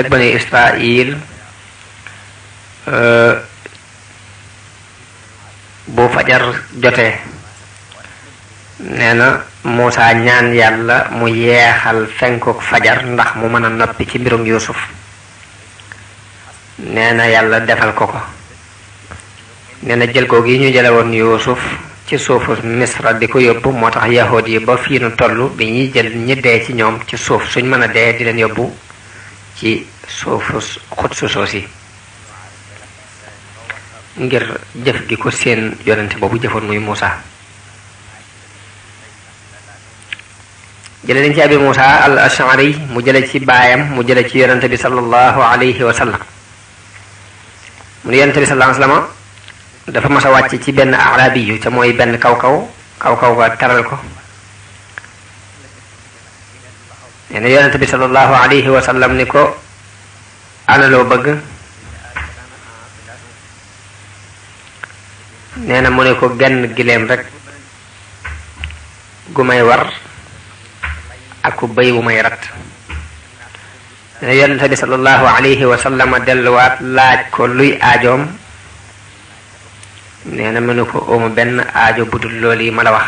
ak bani Israil bu fajar jotee nee na Muusa ñaan yàlla mu yeexal fenkook fajar ndax mu mën a noppi ci mbirum Yuusuf nee na yàlla defal ko ko nee na jël ko gi ñu jële woon Yuusuf ci suufu Misra di ko yóbbu moo tax yahood yi ba fii nu toll bi ñuy jël ñi dee ci ñoom ci suuf suñ mën a dee di leen yóbbu ci suufu xut su soos ngir jëf gi ko seen yonente boobu jëfoon muy Muusa jële nañ ci abi Muusa al Ashari mu jële ci baayam mu jële ci yonente bi sallallahu alayhi wa sallam mu ne yonente bi sallallahu alayhi dafa mas ci benn arabi yu mooy benn kawkaw kaw kaw-kaw ba ko nee bi sallallahu alayhi wa ni ko ana lo bëgg neena mu ne ko genn gileem rek gu may war ak ku bay wu may rat ne yonente bi salallahu alayhi wa sallama wat laaj ko luy aajom neena mu ne ko oomu ben aajo budul loli mala wax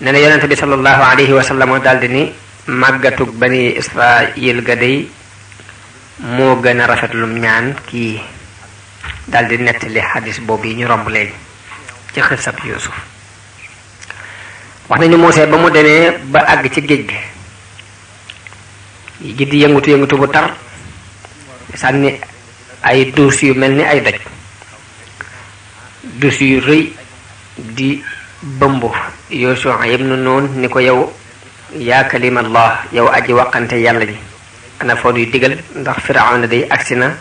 nee na yonente sallallahu alayhi wa sallam daldi ni magatuk bani israil ga Moga gën a lu ñaan kii dal di nettali xadis boobu yi ñu romb léegi ci xisab yusuf wax nañu moosee ba mu demee ba àgg ci géej gi ji di yëngutu yëngutu bu tar sànni ay duus yu mel ni ay daj duus yu rëy di bëmb yosua ibnu noon ni ko yow yaa kalima allah yow aji waqante yàlla ji ana fon nuy digal ndax fir'aun day aksina na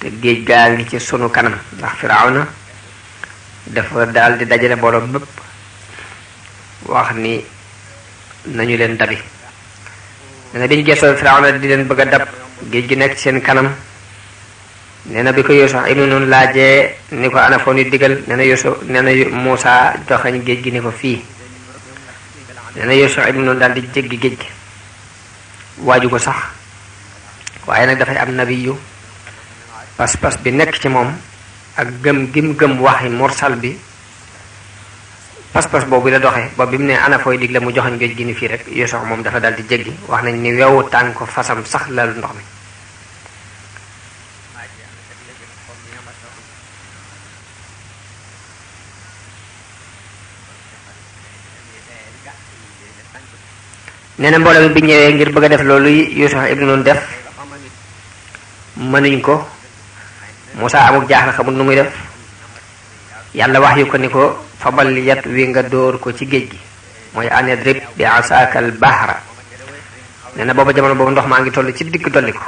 te geej gaa ngi ci sunu kanam ndax fir'aun dafa dal di dajale borom mépp wax ni nañu leen dabi nga dañu gesal fir'aun di leen bëgg dab geej gi nekk ci seen kanam neena bi ko yusuf ibnu nun laaje ni ko ana digal neena yusuf neena musa joxañ geej gi ni ko fii neena yusuf ibnu nun daldi jéggi gi waaju ko sax waaye nag dafay am nabiyu pas-pas bi nekk ci moom ak gëm gim gëm waxi mursal bi pas-pas boobu la doxee ba bi mu ne ana digle mu joxoñ géej gi ni fii rek yoo sax moom dafa dal di jéggi wax nañ ni wewu tànk fasam sax lalu ndox mi nee na mbooloo bi ñëwee ngir bëgg a def loolu Yuusuf ibnu Nun def mënuñ ko Musaa amuk jaaxle xamul nu muy def yàlla wax yu ko ni ko fabal yat wi nga dóor ko ci géej gi mooy anedrib bi asaakal bahra nee na booba jamono boobu ndox maa ngi toll ci dikk dolli ko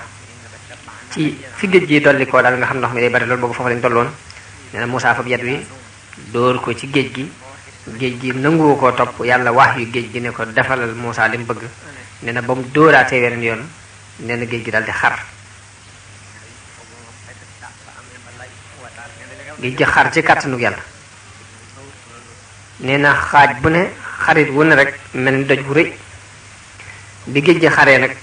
ci fi géej gi dolli ko daal nga xam ndox mi day bari loolu boobu foofu lañ tolloon nee na Musaa fab yat wi dóor ko ci géej gi géej gi nanguwu koo topp yàlla wax yu géej gi ne ko defalal Moussa lim mu bëgg nee na ba mu dóoraatee weneen yoon nee na géej gi daal di xar géej gi xar ci kàttanug yàlla nee na xaaj bu ne xarit wu rek mel doj bu rëy bi géej gi xaree nag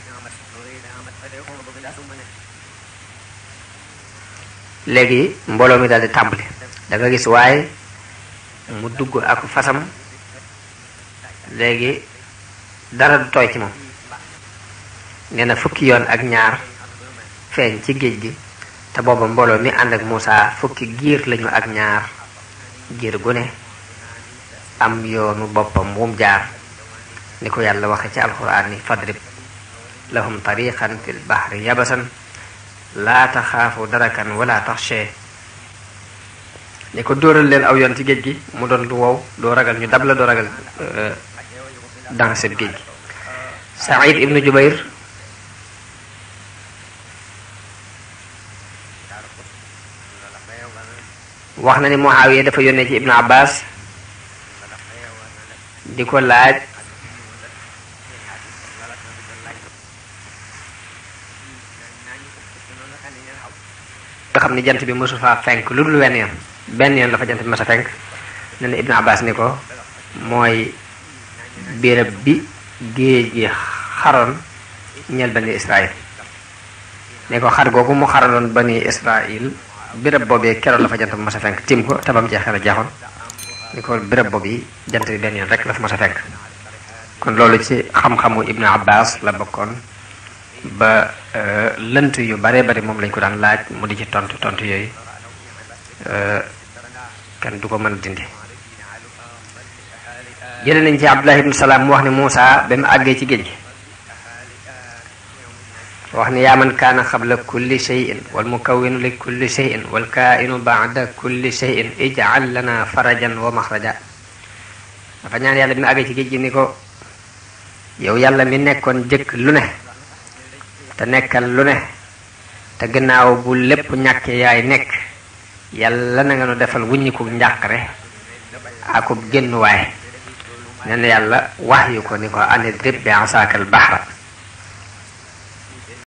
léegi mi daal di tàmbali da nga gis waaye mu dugg ak fasam léegi dara du tooy ci moom nee na fukki yoon ak ñaar feeñ ci géej gi te booba mbooloo mi ànd ak Moussa fukki giir lañu ak ñaar giir gu am yoonu boppam wum jaar ni ko yàlla waxe ci alxuraan ni fadrib lahum tariqan fil bahri yabasan laa taxaafu darakan wala taxshe ne ko dóoral leen aw yoon ci géej gi mu doon lu wow doo ragal ñu dab la doo ragal euh, dans géej gi Saïd ibnu Jubayr wax na ni Muawiya dafa yónnee ci ibnu Abbas di ko laaj nga xam ni jant bi mosu faa fenk lu dul wenn yoon benn yoon dafa fa jant bi mas a fenk ne na Ibnu Abbas ni ko mooy béréb bi géej gi xaroon ñeel bani Israil ne ko xar googu mu xaraloon bani Israil béréb boobee keroog la fa jant bi ma sa fenk tim ko tabam ci xel a jaaxoon ni ko béréb boobu yi jant bi benn yoon rek la ma mas a fenk kon loolu ci xam-xamu Ibnu Abbas la bokkoon ba euh, lënt yu bare bari moom lañ ko daan laaj mu di ci tontu tont yooyu Euh, kenn du ko mën dindi jële nañ ci abdullah ibnu salaam wax ne Muusa ba mu àggee ci géej gi wax ne yaa man kaana xabla kulli cheyin wal mukawinu li kulli cheyin wal kaa'inu baada kulli cheyin ij'al lana farajan wa maxraja dafa ñaan yàlla bi ci géej gi ni ko yow yàlla mi nekkoon jëkk lu ne te nekkal lu ne te gannaaw bu lépp ñàkkee yaay nekk yàlla na nga nu defal wuññiku njàqare akub génn waay nee na yàlla wax yu ko ni ko ane drib bi asaakal baxra